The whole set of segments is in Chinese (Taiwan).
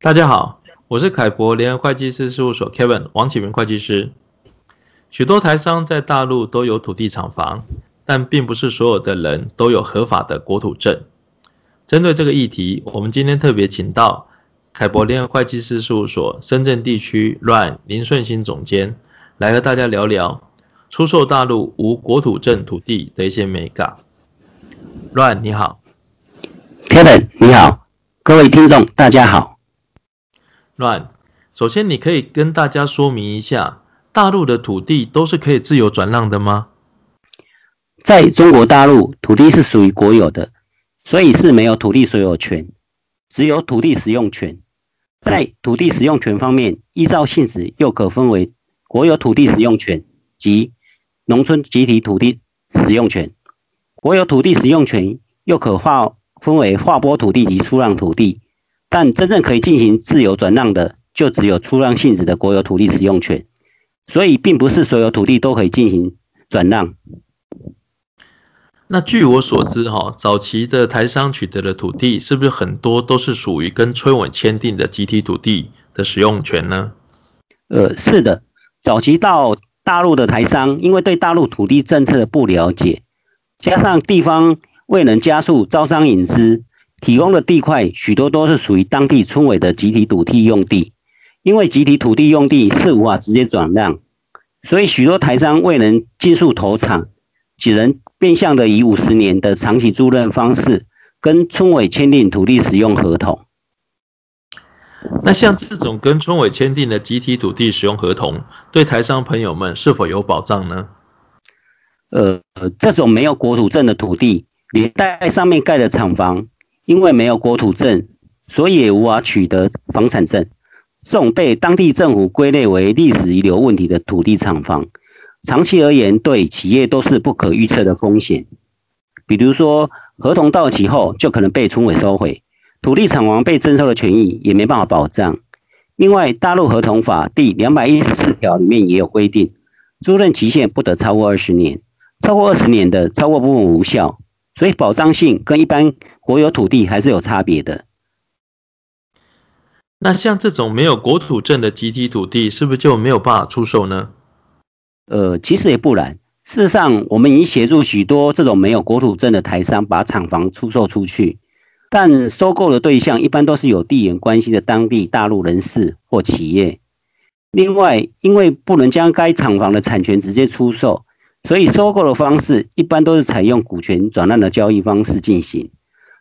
大家好，我是凱博聯合會計師事務所 Kevin 王啟明會計師。許多台商在大陸都有土地廠房，但並不是所有的人都有合法的國土證。針對這個議題，我們今天特別請到凱博聯合會計師事務所深圳地區 Run 林順興總監來和大家聊聊出售大陸無國土證土地的一些眉角。Run 你好，Kevin 你好，各位聽眾大家好。亂、Right。首先，你可以跟大家說明一下，大陸的土地都是可以自由轉讓的嗎？在中國大陸，土地是屬於國有的，所以是沒有土地所有權，只有土地使用權。在土地使用權方面，依照性質又可分為國有土地使用權及農村集體土地使用權。國有土地使用權又可劃分為劃撥土地及出讓土地。但真正可以進行自由轉讓的，就只有出讓性質的國有土地使用權，所以並不是所有土地都可以進行轉讓。那據我所知，哈，早期的台商取得的土地，是不是很多都是屬於跟村委簽訂的集體土地的使用權呢？呃，是的，早期到大陸的台商，因為對大陸土地政策的不了解，加上地方未能加速招商引資。提供的地塊許多都是屬於當地村委的集體土地用地，因為集體土地用地是無法直接轉讓，所以許多台商未能盡速投產，只能變相的以五十年的長期租賃方式跟村委簽訂土地使用合同。那像這種跟村委簽訂的集體土地使用合同，對台商朋友們是否有保障呢？呃，這種沒有國土證的土地，連帶上面蓋的廠房。因為沒有國土證，所以也無法取得房產證。這種被當地政府歸類為歷史遺留問題的土地廠房，長期而言對企業都是不可預測的風險。比如說，合同到期後就可能被村委收回，土地廠房被徵收的權益也沒辦法保障。另外，《大陸合同法》第兩百一十四條裡面也有規定，租賃期限不得超過二十年，超過二十年的超過部分無效。所以保障性跟一般國有土地還是有差別的。那像這種沒有國土證的集體土地，是不是就沒有辦法出售呢？呃，其實也不然。事實上，我們已經協助許多這種沒有國土證的台商把廠房出售出去，但收購的對象一般都是有地緣關係的當地大陸人士或企業。另外，因為不能將該廠房的產權直接出售。所以收購的方式一般都是採用股權轉讓的交易方式進行，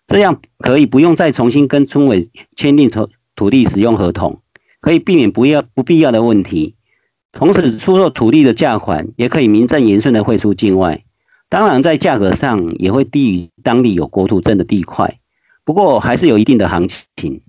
這樣可以不用再重新跟村委簽訂土土地使用合同，可以避免不要不必要的問題。同時出售土地的價款也可以名正言順的匯出境外，當然在價格上也會低於當地有國土證的地塊，不過還是有一定的行情。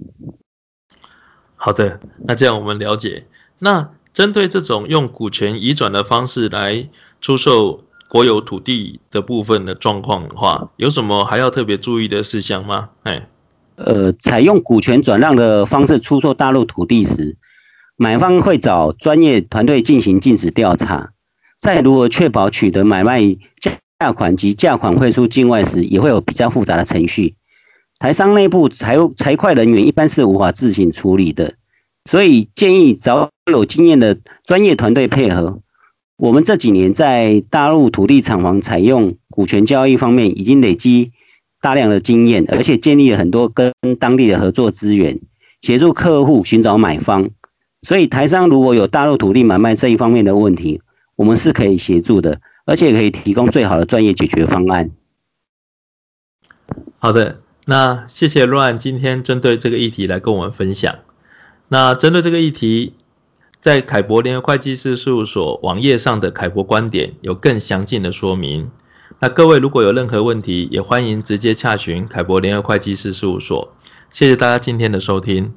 好的，那這樣我們了解，那。針對這種用股權移轉的方式來出售國有土地的部分的狀況的話，有什麼還要特別注意的事項嗎？哎，呃，採用股權轉讓的方式出售大陸土地時，買方會找專業團隊進行盡職調查。在如何確保取得買賣價款及價款匯出境外時，也會有比較複雜的程序。台商內部財務財會人員一般是無法自行處理的，所以建議找。有經驗的專業團隊配合，我們這幾年在大陸土地廠房採用股權交易方面已經累積大量的經驗，而且建立了很多跟當地的合作資源，協助客戶尋找買方。所以，台商如果有大陸土地買賣這一方面的問題，我們是可以協助的，而且可以提供最好的專業解決方案。好的，那謝謝陸安今天針對這個議題來跟我們分享。那針對這個議題。在凱博聯合會計師事務所網頁上的凱博觀點有更詳盡的說明。那各位如果有任何問題，也歡迎直接洽詢凱博聯合會計師事務所。謝謝大家今天的收聽。